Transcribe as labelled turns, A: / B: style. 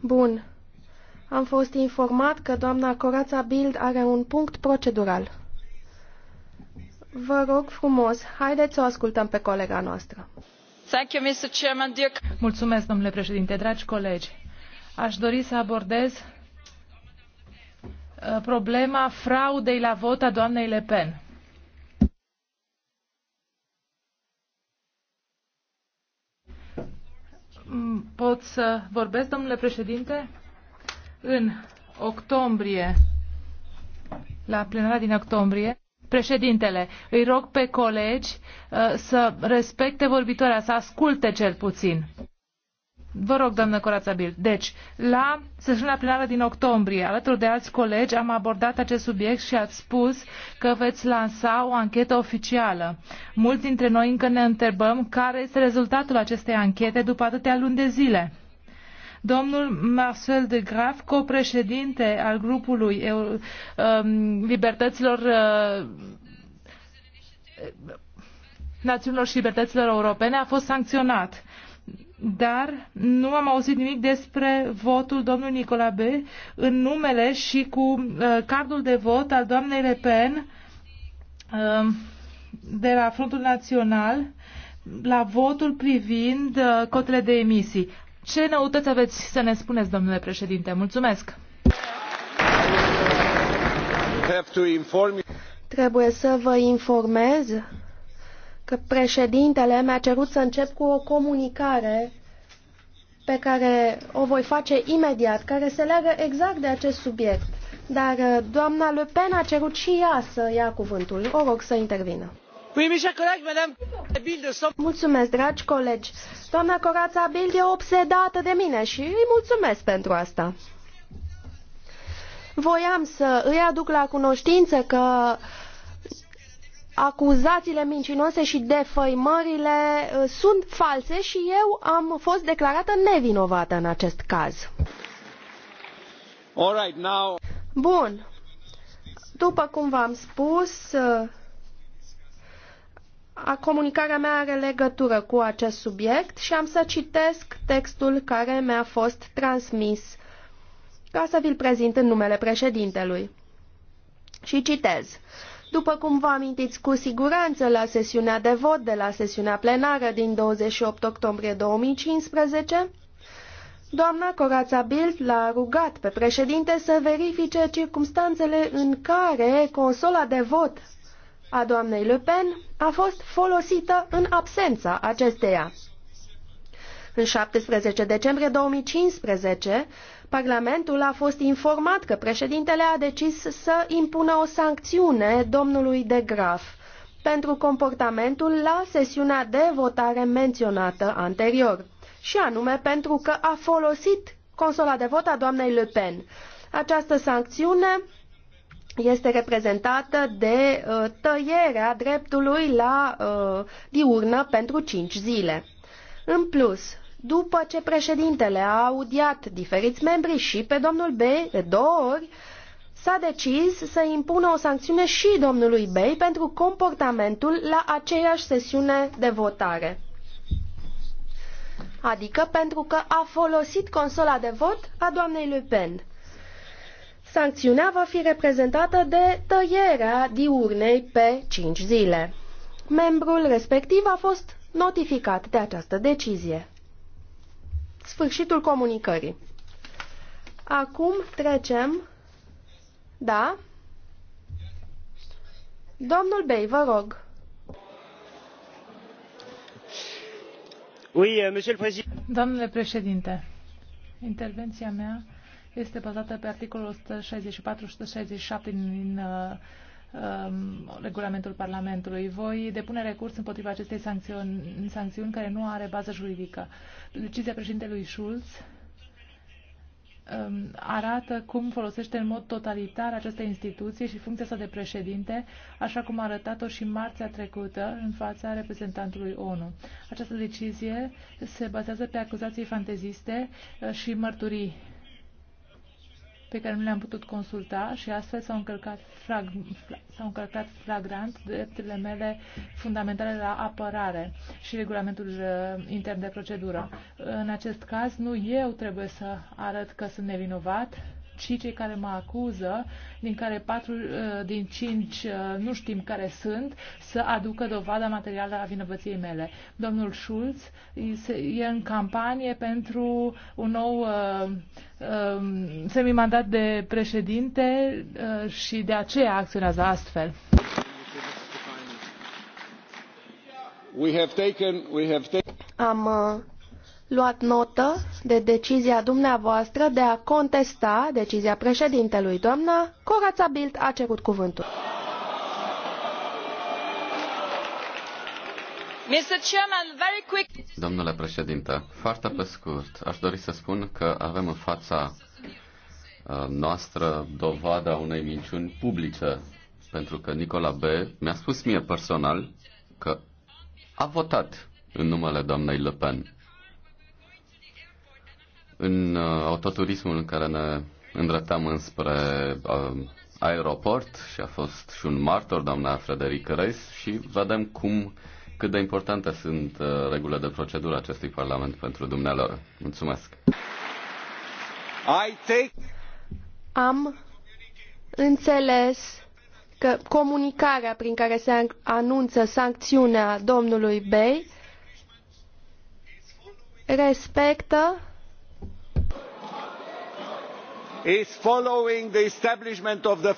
A: Bun. Am fost informat că doamna Corața Bild are un punct procedural. Vă rog frumos, haideți să o ascultăm pe
B: colega noastră. Thank you, Mr. Chairman. Dear... Mulțumesc, domnule președinte, dragi colegi. Aș dori să abordez uh, problema fraudei la vot a doamnei Le Pen. Mm, pot să vorbesc, domnule președinte? În octombrie, la plenara din octombrie, președintele, îi rog pe colegi uh, să respecte vorbitoarea, să asculte cel puțin. Vă rog, doamnă Corațabil. Deci, la sesiunea plenară din octombrie, alături de alți colegi, am abordat acest subiect și ați spus că veți lansa o anchetă oficială. Mulți dintre noi încă ne întrebăm care este rezultatul acestei anchete după atâtea luni de zile. Domnul Marcel de Graf, copreședinte al grupului Eu, um, Libertăților uh, Națiunilor și Libertăților Europene, a fost sancționat dar nu am auzit nimic despre votul domnului Nicola B. în numele și cu uh, cardul de vot al doamnei Le Pen uh, de la Frontul Național la votul privind uh, cotele de emisii. Ce noutăți aveți să ne spuneți, domnule președinte? Mulțumesc!
A: Trebuie să vă informez că președintele mi-a cerut să încep cu o comunicare pe care o voi face imediat, care se leagă exact de acest subiect. Dar uh, doamna Le Pen a cerut și ea să ia cuvântul. O rog să intervină. Mulțumesc, dragi colegi. Doamna Corața Bild e obsedată de mine și îi mulțumesc pentru asta. Voiam să îi aduc la cunoștință că acuzațiile mincinoase și defăimările uh, sunt false și eu am fost declarată nevinovată în acest caz. Bun. După cum v-am spus, uh, a, comunicarea mea are legătură cu acest subiect și am să citesc textul care mi-a fost transmis ca să vi-l prezint în numele președintelui. Și citez. După cum vă amintiți cu siguranță la sesiunea de vot de la sesiunea plenară din 28 octombrie 2015, doamna Corața Bild l-a rugat pe președinte să verifice circumstanțele în care consola de vot a doamnei Le Pen a fost folosită în absența acesteia. În 17 decembrie 2015, Parlamentul a fost informat că președintele a decis să impună o sancțiune domnului de Graf pentru comportamentul la sesiunea de votare menționată anterior, și anume pentru că a folosit consola de vot a doamnei Le Pen. Această sancțiune este reprezentată de uh, tăierea dreptului la uh, diurnă pentru 5 zile. În plus, după ce președintele a audiat diferiți membri și pe domnul B de două ori, s-a decis să impună o sancțiune și domnului Bey pentru comportamentul la aceeași sesiune de votare. Adică pentru că a folosit consola de vot a doamnei Le Pen. Sancțiunea va fi reprezentată de tăierea diurnei pe 5 zile. Membrul respectiv a fost notificat de această decizie sfârșitul comunicării. Acum trecem, da?
B: Domnul Bey, vă rog.
A: Euh,
B: Domnule președinte, intervenția mea este bazată pe articolul 164-167 din uh, Um, regulamentul Parlamentului. Voi depune recurs împotriva acestei sancțiuni, sancțiuni care nu are bază juridică. Decizia președintelui Schulz um, arată cum folosește în mod totalitar această instituție și funcția sa de președinte, așa cum a arătat-o și marțea trecută în fața reprezentantului ONU. Această decizie se bazează pe acuzații fanteziste uh, și mărturii pe care nu le-am putut consulta și astfel s-au încălcat, flag, s-au încălcat flagrant drepturile mele fundamentale la apărare și regulamentul uh, intern de procedură. În acest caz, nu eu trebuie să arăt că sunt nevinovat, ci cei care mă acuză, din care patru uh, din cinci uh, nu știm care sunt, să aducă dovada materială a vinovăției mele. Domnul Schulz e în campanie pentru un nou uh, um, semimandat de președinte și de aceea acționează astfel. We have
A: taken, we have taken... Am luat notă de decizia dumneavoastră de a contesta decizia președintelui. Doamna Corața Bild a cerut cuvântul. Domnule președinte, foarte pe scurt, aș dori să spun că avem în fața uh, noastră dovada unei minciuni publice, pentru că Nicola B. mi-a spus mie personal că
B: a votat
A: în numele doamnei Le Pen. În uh, autoturismul în care ne îndreptam înspre uh, aeroport și a fost și un martor, doamna Frederic Reis, și vedem cum, cât de importante sunt uh, regulile de procedură acestui Parlament pentru dumnealor. Mulțumesc! I take... Am înțeles că comunicarea prin care se anunță sancțiunea domnului Bey respectă is following the establishment of the